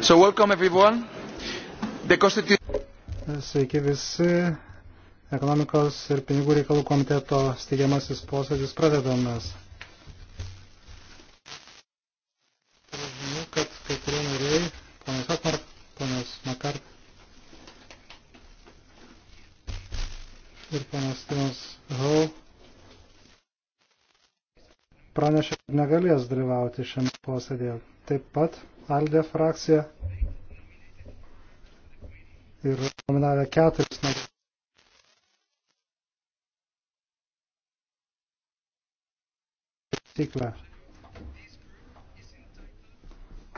So welcome everyone. The Constitution. Sveiki visi. Ekonomikos ir pinigų reikalų komiteto steigiamasis posėdis pradedamas. Žinau, kad kai kurie nariai, ponas Akmar, ponas Makart ir ponas Timas Hau pranešė, kad negalės dalyvauti šiame posėdėje. Taip pat Alde frakcija ir nominavę keturis narius. Tiklę.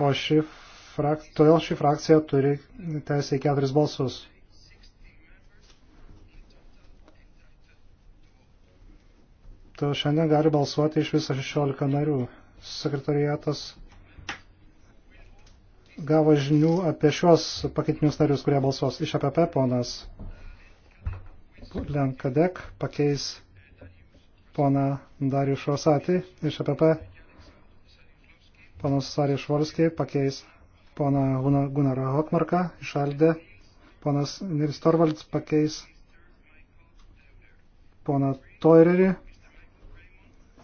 O ši frak, todėl ši frakcija turi teisę į keturis balsus. Todėl šiandien gali balsuoti iš viso 16 narių. Sekretariatas gavo žinių apie šios pakeitinius narius, kurie balsuos iš APP, ponas Lenkadek pakeis poną Darių Šosatį iš APP, ponas Sarį Švolskį pakeis poną Gunarą Hotmarką iš Aldė, ponas Nils Torvalds pakeis poną Toirerį,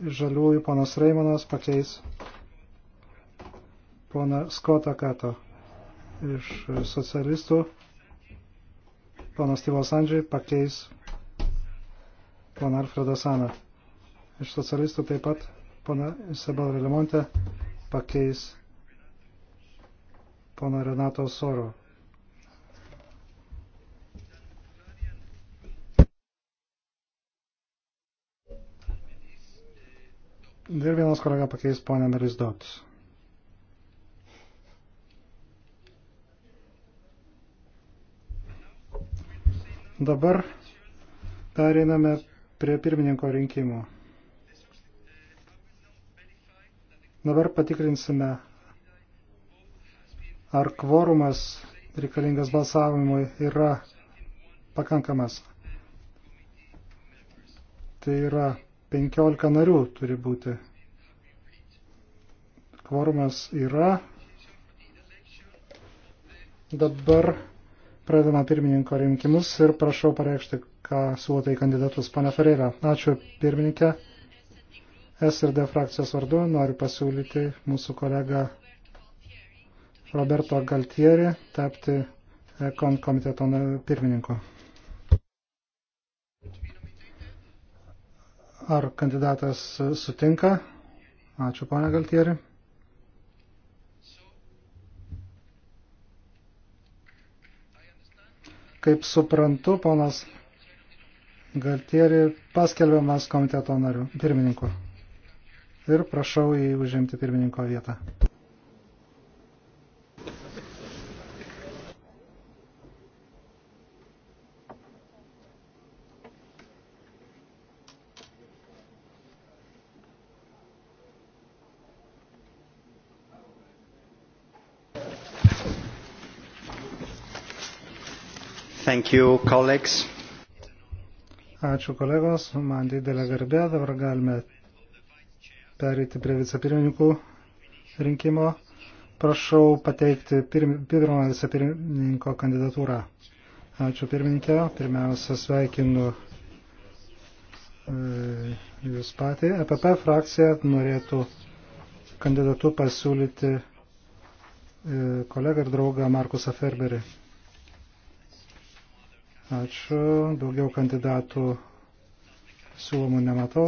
žaliųjų ponas Reimonas pakeis pona Skota Kato iš socialistų. Ponas Tyvos Andžiai pakeis pona Alfredą Saną. Iš socialistų taip pat pona Isabel Vilimonte pakeis pona Renato Soro. Ir vienas kolega pakeis ponę Merisdotus. Dabar pereiname prie pirmininko rinkimų. Dabar patikrinsime, ar kvorumas reikalingas balsavimui yra pakankamas. Tai yra 15 narių turi būti. Kvorumas yra. Dabar Pradedame pirmininko rinkimus ir prašau pareikšti, ką siūlote į kandidatus. Pane Ferreira, ačiū pirmininkė. SRD frakcijos vardu noriu pasiūlyti mūsų kolegą Roberto Galtieri tapti kon komiteto pirmininku. Ar kandidatas sutinka? Ačiū, pane Galtieri. Kaip suprantu, ponas Galtieri paskelbiamas komiteto nariu, pirmininku. Ir prašau į užimti pirmininko vietą. Thank you, colleagues. Ačiū kolegos, man didelė garbė, dabar galime perėti prie vicepirmininkų rinkimo. Prašau pateikti pirmojo vicepirmininko kandidatūrą. Ačiū pirmininkė, pirmiausia sveikinu e, Jūs patį. EPP frakcija norėtų kandidatu pasiūlyti e, kolegą ir draugą Markusą Ferberį. Ačiū. Daugiau kandidatų siūlomų nematau.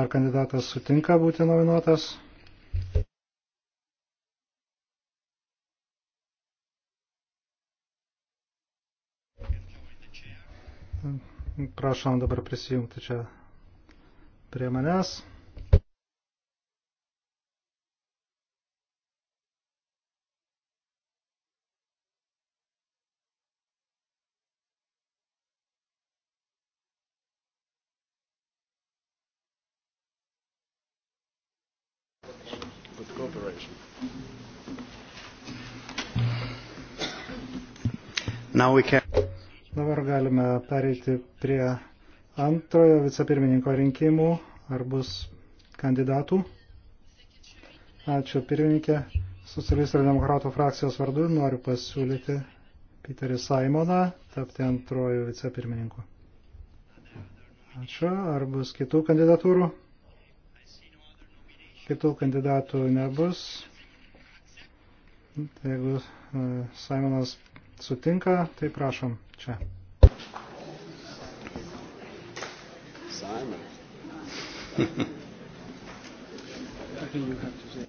Ar kandidatas sutinka būti nominuotas? Prašom dabar prisijungti čia prie manęs. cooperation. Can... Dabar galime pereiti prie antrojo vicepirmininko rinkimų. Ar bus kandidatų? Ačiū pirmininkė. Socialistų ir demokratų frakcijos vardu noriu pasiūlyti Piterį Saimoną tapti antrojo vicepirmininku. Ačiū. Ar bus kitų kandidatūrų? Kitų kandidatų nebus. Tai jeigu e, Simonas sutinka, tai prašom čia. Simon. I think you have to say.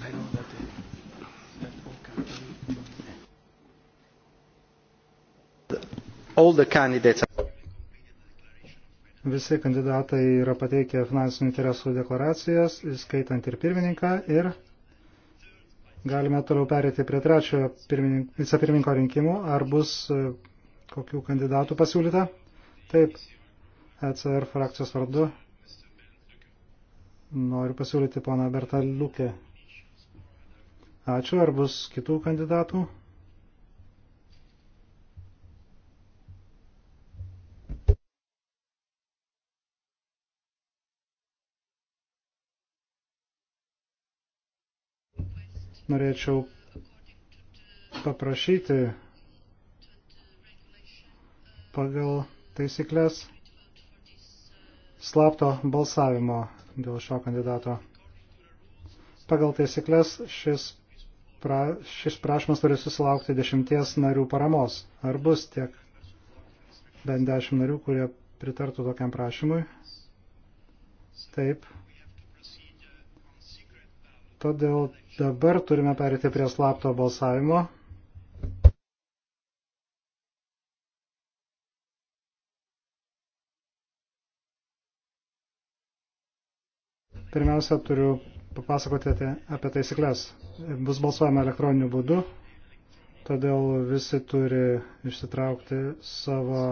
I don't Visi kandidatai yra pateikę finansinių interesų deklaracijas, įskaitant ir pirmininką, ir galime toliau perėti prie trečiojo vicepirmininko rinkimų. Ar bus e, kokių kandidatų pasiūlyta? Taip, ECR frakcijos vardu noriu pasiūlyti poną Bertą Liukę. Ačiū, ar bus kitų kandidatų? norėčiau paprašyti pagal taisyklės slapto balsavimo dėl šio kandidato. Pagal taisyklės šis, pra, šis prašymas turi susilaukti dešimties narių paramos. Ar bus tiek bent dešimt narių, kurie pritartų tokiam prašymui? Taip. Todėl Dabar turime perėti prie slapto balsavimo. Pirmiausia, turiu papasakoti apie taisyklės. Bus balsuojama elektroniniu būdu, todėl visi turi išsitraukti savo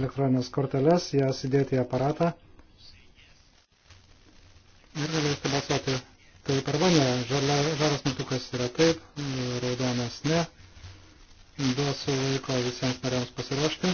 elektroninės korteles, jas įdėti į aparatą ir galėsite balsuoti taip arba ne. Žalia, žalas mygtukas yra taip, raudonas ne. Duosiu laiko visiems nariams pasiruošti.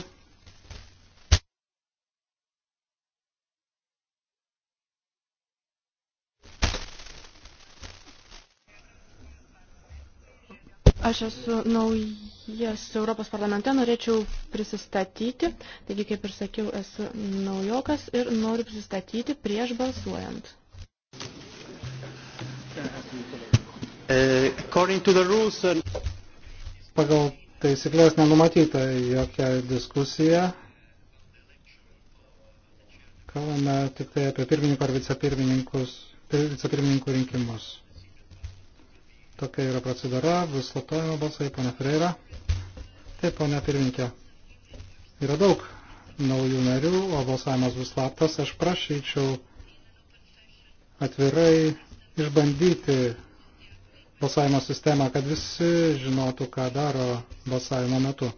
Aš esu naujas Europos parlamente, norėčiau prisistatyti, taigi kaip ir sakiau, esu naujokas ir noriu prisistatyti prieš balsuojant. Uh, Pagal taisyklės nenumatyta jokia diskusija. Kalbame tik tai apie pirmininko ar vicepirmininkų rinkimus. Tokia yra procedūra, bus slaptojama balsai, ponia Freira. Taip, ponia pirmininkė. Yra daug naujų narių, o balsavimas bus slaptas. Aš prašyčiau atvirai išbandyti balsavimo sistemą, kad visi žinotų, ką daro balsavimo metu.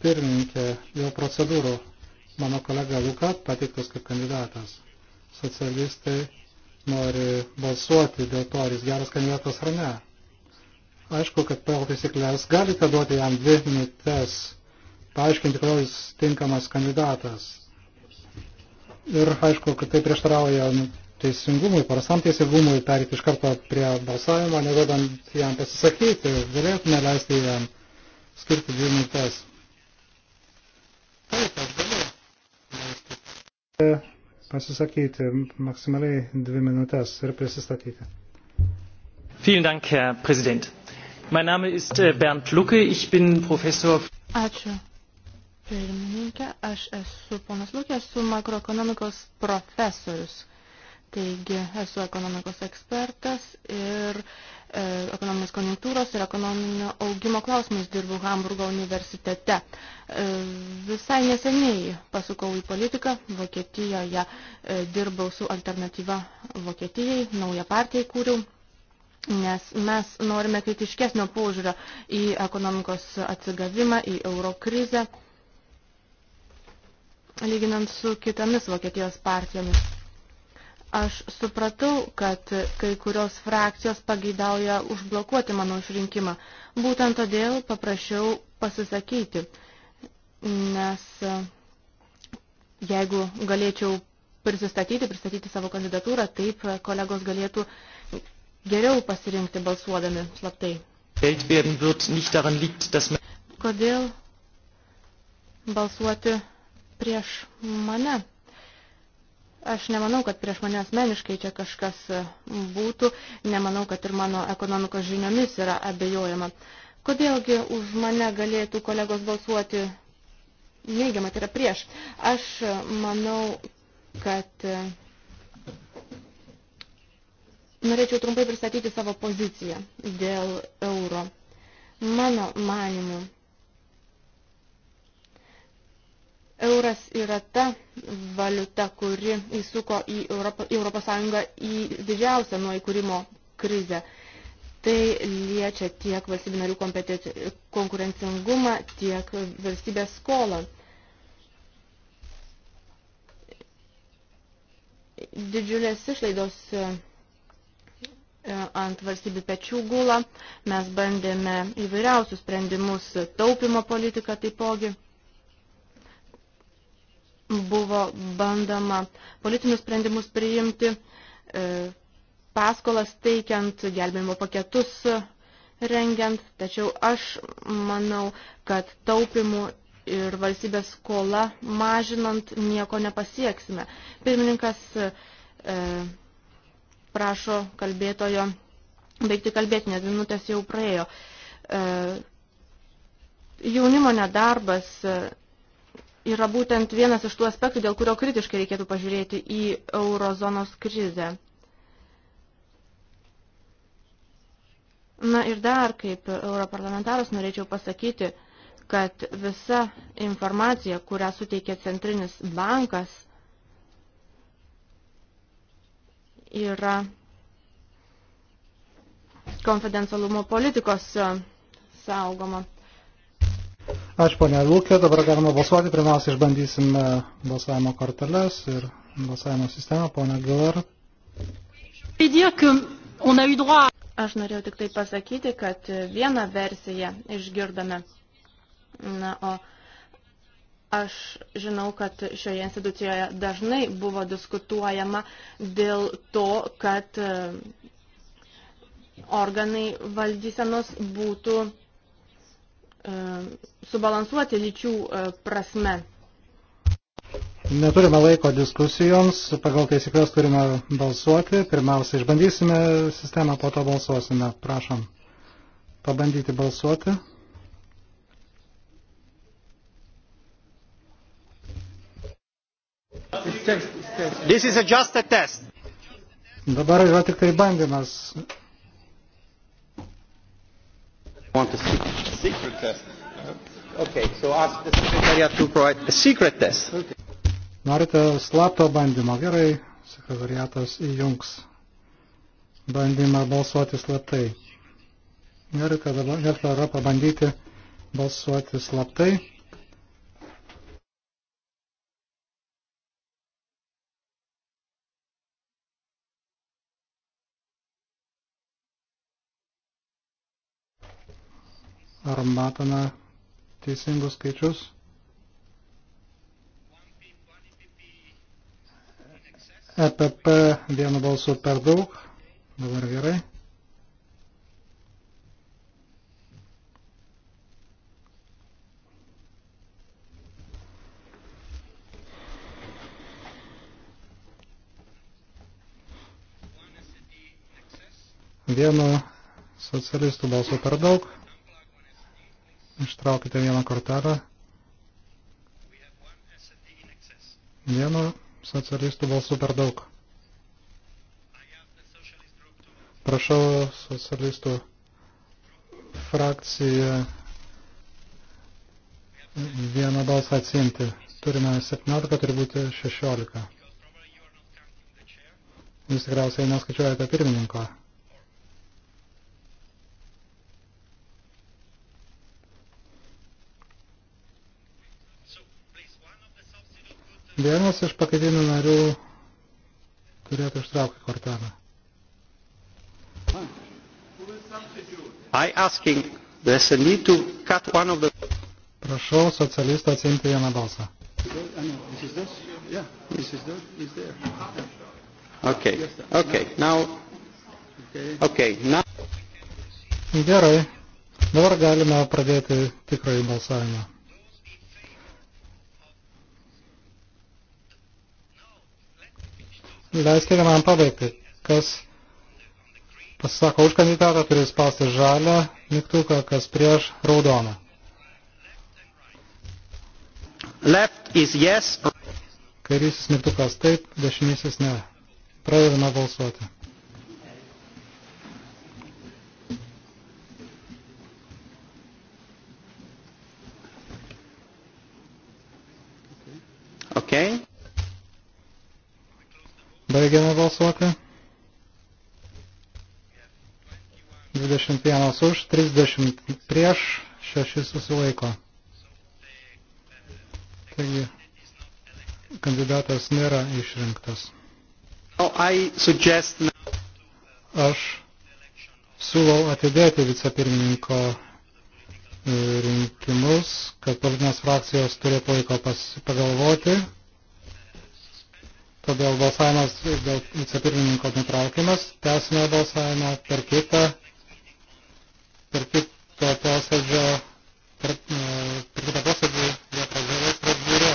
Pirmininkė, dėl procedūrų mano kolega Luka patiktas kaip kandidatas. Socialistai nori balsuoti dėl to, ar jis geras kandidatas ar ne. Aišku, kad pagal taisyklės galite duoti jam dvi minutės paaiškinti, kodėl jis tinkamas kandidatas. Ir aišku, kad tai prieštarauja nu, teisingumui, parasam teisingumui perėti iš karto prie balsavimo, neduodant jam pasisakyti, galėtume leisti jam skirti dvi minutės. Taip, aš galiu leisti pasisakyti maksimaliai dvi minutės ir prisistatyti. Vielen Dank, Herr Präsident. Mein Name ist äh, Bernd Lucke, ich bin Professor. Ačiū, pirmininkė, aš esu ponas Lūkė, esu makroekonomikos profesorius. Taigi, esu ekonomikos ekspertas ir e, ekonominės konjunktūros ir ekonominio augimo klausimais dirbu Hamburgo universitete. E, visai neseniai pasukau į politiką, Vokietijoje e, dirbau su alternatyva Vokietijai, naują partiją įkūriau nes mes norime kritiškesnio požiūrio į ekonomikos atsigavimą, į euro krizę lyginant su kitomis Vokietijos partijomis. Aš supratau, kad kai kurios frakcijos pageidauja užblokuoti mano išrinkimą. Būtent todėl paprašiau pasisakyti, nes e, jeigu galėčiau prisistatyti, pristatyti savo kandidatūrą, taip kolegos galėtų geriau pasirinkti balsuodami slaptai. Kodėl balsuoti prieš mane. Aš nemanau, kad prieš mane asmeniškai čia kažkas e, būtų, nemanau, kad ir mano ekonomikos žiniomis yra abejojama. Kodėlgi už mane galėtų kolegos balsuoti neigiamą, tai yra prieš. Aš e, manau, kad e, norėčiau trumpai pristatyti savo poziciją dėl euro. Mano manimu, Euras yra ta valiuta, kuri įsuko į Europą, Europos Sąjungą į didžiausią nuo įkūrimo krizę. Tai liečia tiek valstybių narių konkurencingumą, tiek valstybės skolą. Didžiulės išlaidos e, ant valstybių pečių gula. Mes bandėme įvairiausius sprendimus taupimo politiką taipogi buvo bandoma politinius sprendimus priimti, e, paskolas teikiant, gelbėjimo paketus e, rengiant, tačiau aš manau, kad taupimų ir valstybės skola mažinant nieko nepasieksime. Pirmininkas e, prašo kalbėtojo baigti kalbėti, nes minutės jau praėjo. E, jaunimo nedarbas yra būtent vienas iš tų aspektų, dėl kurio kritiškai reikėtų pažiūrėti į eurozonos krizę. Na ir dar, kaip europarlamentaras, norėčiau pasakyti, kad visa informacija, kurią suteikia centrinis bankas, yra konfidencialumo politikos saugoma. Ačiū, ponia Lūkė. Dabar galima balsuoti. Pirmiausia, išbandysim e, balsavimo korteles ir balsavimo sistemą, ponia Gilar. Aš norėjau tik tai pasakyti, kad vieną versiją išgirdome. Na, o Aš žinau, kad šioje institucijoje dažnai buvo diskutuojama dėl to, kad e, organai valdysenos būtų E, subalansuoti lyčių e, prasme. Neturime laiko diskusijoms, pagal taisyklės turime balsuoti. Pirmiausia, išbandysime sistemą, po to balsuosime. Prašom pabandyti balsuoti. This is a just a test. Dabar yra tik tai bandymas. Want to speak secret test. Okay, so ask the secretariat to provide a secret test. Okay. Norite slapto bandymo? Gerai, sekretariatas įjungs bandymą balsuoti slaptai. Norite dabar, norite pabandyti balsuoti slaptai. Ar matome teisingus skaičius? EPP vienu balsu per daug. Dabar gerai. Vienu socialistų balsu per daug. Ištraukite vieną kortelę. Vieno socialistų balsų per daug. Prašau socialistų frakciją vieną balsą atsimti. Turime 17, turi būti 16. Jūs tikriausiai neskaičiuojate pirmininko. Vienas iš pakaitinių narių turėtų ištraukti kortelę. I asking, there's a need to cut one of the... Prašau socialistą atsimti vieną balsą. Okay, okay, now... Okay, now... Gerai, dabar galime pradėti tikrąjį balsavimą. Leiskite man pabaigti. Kas pasisako už kandidatą, turi spausti žalę mygtuką, kas prieš raudoną. Left is yes. Kairysis mygtukas taip, dešinysis ne. Pradedame balsuoti. Okay. Baigiame balsuoti. 21 už, 30 prieš, 6 susilaiko. Taigi, kandidatas nėra išrinktas. Oh, Aš siūlau atidėti vicepirmininko e, rinkimus, kad politinės frakcijos turėtų laiko pagalvoti, Todėl balsavimas dėl vicepirmininko nutraukimas. Tęsime balsavimą per kitą, per kitą posėdžio, per, e, per kitą posėdį jo pradžioje Strasbūre.